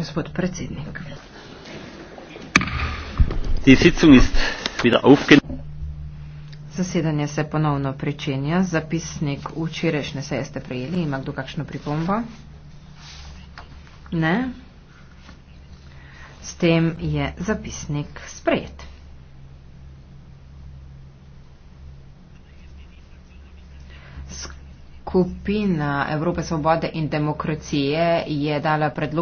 gospod predsednik. Zasedanje se ponovno pričenja. Zapisnik včerajšnje seje ste prejeli. Ima kdo kakšno pripombo? Ne. S tem je zapisnik sprejet. Skupina Evrope svobode in demokracije je dala predlog.